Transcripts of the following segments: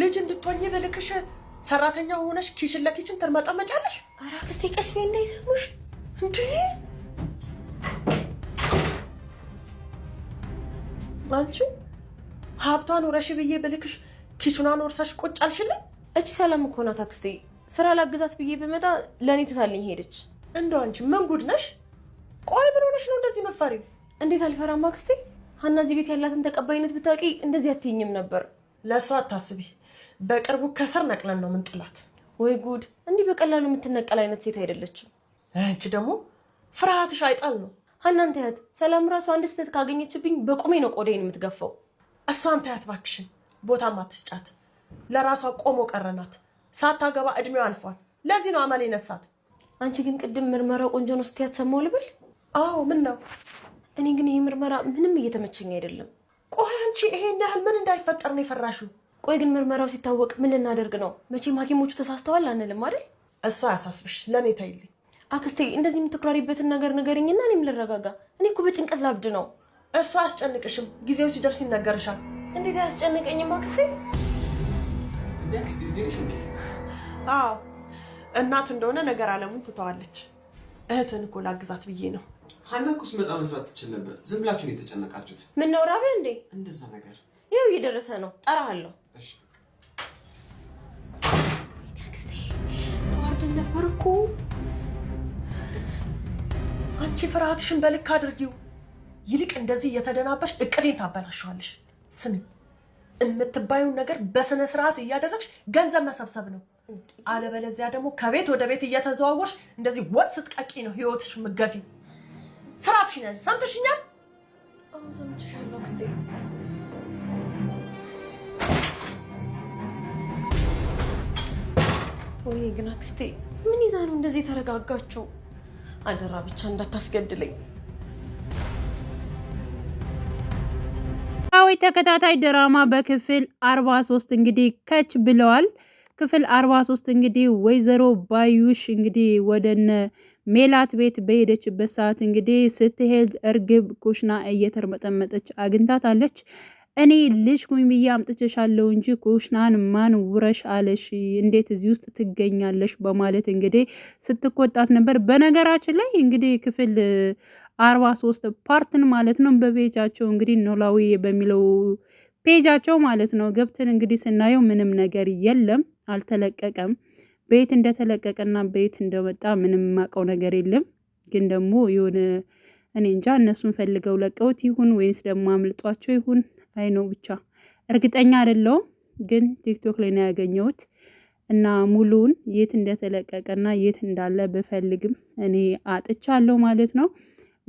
ልጅ እንድትወኝ ብልክሽ ሰራተኛ ሆነሽ ኪችን ለኪችን ትርመጠመጫለሽ። ኧረ አክስቴ ቀስ እንዳይሰሙሽ። እንዴ አንቺ ሀብቷን ወረሽ ብዬ ብልክሽ ኪችኗን ወርሰሽ ቁጭ አልሽልኝ። እቺ ሰላም እኮ ናት አክስቴ። ስራ ላግዛት ብዬ በመጣ ለእኔ ትታልኝ ሄደች። እንደው አንቺ ምን ጉድ ነሽ? ቆይ ምን ሆነሽ ነው እንደዚህ መፈሪው? እንዴት አልፈራም አክስቴ። ሀና እዚህ ቤት ያላትን ተቀባይነት ብታውቂ እንደዚህ አትይኝም ነበር። ለእሷ አታስቢ። በቅርቡ ከስር ነቅለን ነው ምንጥላት። ወይ ጉድ! እንዲህ በቀላሉ የምትነቀል አይነት ሴት አይደለችም። አንቺ ደግሞ ፍርሃትሽ አይጣል ነው። ሀናን ያት ሰላም ራሱ አንድ ስህተት ካገኘችብኝ በቁሜ ነው ቆዳዬን የምትገፋው። እሷን ተያት ባክሽን፣ ቦታም አትስጫት። ለራሷ ቆሞ ቀረናት። ሳታገባ እድሜው አልፏል። ለዚህ ነው አመል ይነሳት አንቺ ግን ቅድም ምርመራው ቆንጆ ነው ስትያት ሰማሁ ልበል? አዎ ምን ነው? እኔ ግን ይህ ምርመራ ምንም እየተመቸኝ አይደለም። ቆይ አንቺ ይሄን ያህል ምን እንዳይፈጠር ነው የፈራሽው? ቆይ ግን ምርመራው ሲታወቅ ምን ልናደርግ ነው? መቼም ሐኪሞቹ ተሳስተዋል አንልም አይደል? እሷ ያሳስብሽ፣ ለእኔ ታይልኝ። አክስቴ እንደዚህ የምትኩራሪበትን ነገር ነገርኝና እኔም ልረጋጋ። እኔ እኮ በጭንቀት ላብድ ነው። እሷ አያስጨንቅሽም፣ ጊዜው ሲደርስ ይነገርሻል። እንዴት አያስጨንቀኝም አክስቴ? አዎ እናት እንደሆነ ነገር አለሙን ትተዋለች። እህትን እኮ ላግዛት ብዬ ነው ሀና እኮ ስመጣ መስራት ትችል ነበር። ዝም ብላችሁ ነው የተጨነቃችሁት። ነው ራበህ እንዴ? እንደዛ ነገር ይኸው እየደረሰ ነው። ጠራሃለሁ። እሺ ነበር እኮ። አንቺ ፍርሃትሽን በልክ አድርጊው። ይልቅ እንደዚህ እየተደናበሽ እቅዴን ታበላሸዋለሽ። ስሚ፣ የምትባዩን ነገር በስነ ስርዓት እያደረግሽ ገንዘብ መሰብሰብ ነው። አለበለዚያ ደግሞ ከቤት ወደ ቤት እየተዘዋወርሽ እንደዚህ ወጥ ስትቀቂ ነው ህይወትሽ ምገፊ ስርዓትሽ ነሽ። ሰምተሽኛል? አሁን ሰምቼሻለሁ አክስቴ። ወይኔ ግን አክስቴ ምን ይዛ ነው እንደዚህ የተረጋጋችው? አደራ ብቻ እንዳታስገድለኝ። ኖላዊ ተከታታይ ድራማ በክፍል 43 እንግዲህ ከች ብለዋል። ክፍል 43 እንግዲህ ወይዘሮ ባዩሽ እንግዲህ ወደነ ሜላት ቤት በሄደችበት ሰዓት እንግዲህ ስትሄድ እርግብ ኩሽና እየተርመጠመጠች አግኝታታለች። እኔ ልጅ ኩኝ ብዬ አምጥቼሻለሁ እንጂ ኩሽናን ማን ውረሽ አለሽ? እንዴት እዚህ ውስጥ ትገኛለሽ? በማለት እንግዲህ ስትቆጣት ነበር። በነገራችን ላይ እንግዲህ ክፍል አርባ ሶስት ፓርትን ማለት ነው በቤጃቸው እንግዲህ ኖላዊ በሚለው ፔጃቸው ማለት ነው ገብትን እንግዲህ ስናየው ምንም ነገር የለም አልተለቀቀም። በየት እንደተለቀቀና በየት እንደመጣ ምንም የማውቀው ነገር የለም። ግን ደግሞ የሆነ እኔ እንጃ እነሱን ፈልገው ለቀውት ይሁን ወይንስ ደግሞ አምልጧቸው ይሁን አይነው ብቻ እርግጠኛ አይደለውም። ግን ቲክቶክ ላይ ነው ያገኘሁት እና ሙሉውን የት እንደተለቀቀና የት እንዳለ ብፈልግም እኔ አጥቻለሁ ማለት ነው።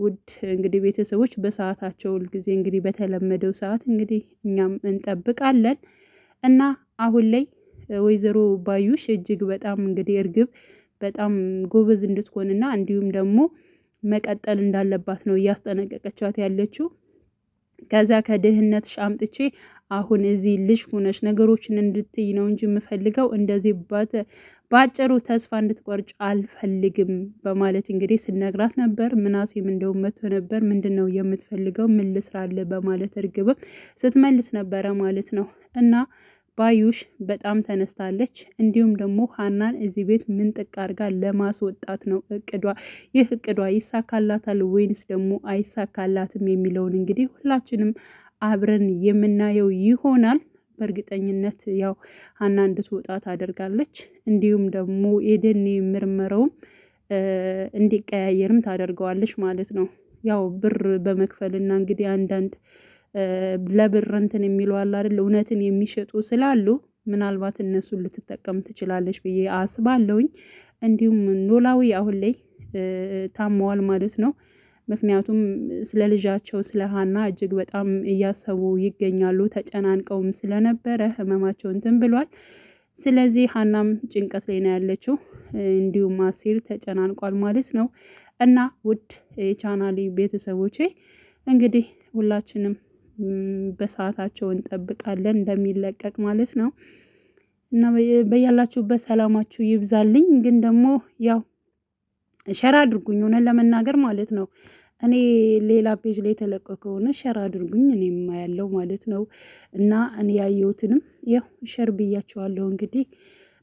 ውድ እንግዲህ ቤተሰቦች በሰዓታቸው ሁልጊዜ እንግዲህ በተለመደው ሰዓት እንግዲህ እኛም እንጠብቃለን እና አሁን ላይ ወይዘሮ ባዩሽ እጅግ በጣም እንግዲህ እርግብ በጣም ጎበዝ እንድትሆንና እንዲሁም ደግሞ መቀጠል እንዳለባት ነው እያስጠነቀቀቻት ያለችው። ከዛ ከድህነት ሻምጥቼ አሁን እዚህ ልጅ ሆነች ነገሮችን እንድትይ ነው እንጂ የምፈልገው እንደዚህ ባጭሩ ተስፋ እንድትቆርጭ አልፈልግም በማለት እንግዲህ ስነግራት ነበር። ምናሴም እንደው መቶ ነበር ምንድን ነው የምትፈልገው ምን ልስራለ በማለት እርግብም ስትመልስ ነበረ ማለት ነው እና ባዩሽ በጣም ተነስታለች። እንዲሁም ደግሞ ሀናን እዚህ ቤት ምን ጥቅ አድርጋ ለማስወጣት ነው እቅዷ። ይህ እቅዷ ይሳካላታል ወይንስ ደግሞ አይሳካላትም የሚለውን እንግዲህ ሁላችንም አብረን የምናየው ይሆናል። በእርግጠኝነት ያው ሀና እንድትወጣ ታደርጋለች። እንዲሁም ደግሞ የደን ምርመራውም እንዲቀያየርም ታደርገዋለች ማለት ነው። ያው ብር በመክፈልና እንግዲህ አንዳንድ ለብር እንትን የሚሉ አለ አይደል እውነትን የሚሸጡ ስላሉ ምናልባት እነሱን ልትጠቀም ትችላለች ብዬ አስባለሁኝ። እንዲሁም ኖላዊ አሁን ላይ ታመዋል ማለት ነው። ምክንያቱም ስለ ልጃቸው ስለ ሀና እጅግ በጣም እያሰቡ ይገኛሉ ተጨናንቀውም ስለነበረ ህመማቸው እንትን ብሏል። ስለዚህ ሀናም ጭንቀት ላይ ነው ያለችው እንዲሁም አሲር ተጨናንቋል ማለት ነው። እና ውድ የቻናሌ ቤተሰቦቼ እንግዲህ ሁላችንም በሰዓታቸው እንጠብቃለን እንደሚለቀቅ ማለት ነው። እና በያላችሁበት ሰላማችሁ ይብዛልኝ። ግን ደግሞ ያው ሸራ አድርጉኝ ሆነን ለመናገር ማለት ነው። እኔ ሌላ ፔጅ ላይ የተለቀ ከሆነ ሸር አድርጉኝ እኔ አያለው ማለት ነው። እና እኔ ያየሁትንም ያው ሸር ብያቸዋለሁ እንግዲህ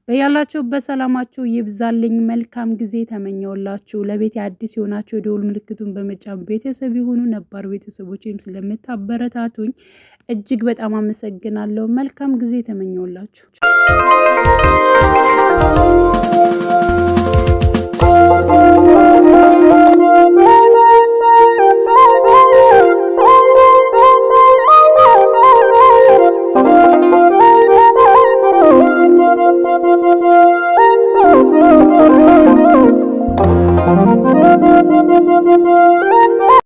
በያላችሁ በሰላማችሁ ይብዛልኝ። መልካም ጊዜ ተመኘውላችሁ። ለቤት አዲስ የሆናችሁ የደውል ምልክቱን በመጫን ቤተሰብ የሆኑ ነባር ቤተሰቦችም ስለምታበረታቱኝ እጅግ በጣም አመሰግናለሁ። መልካም ጊዜ ተመኘውላችሁ።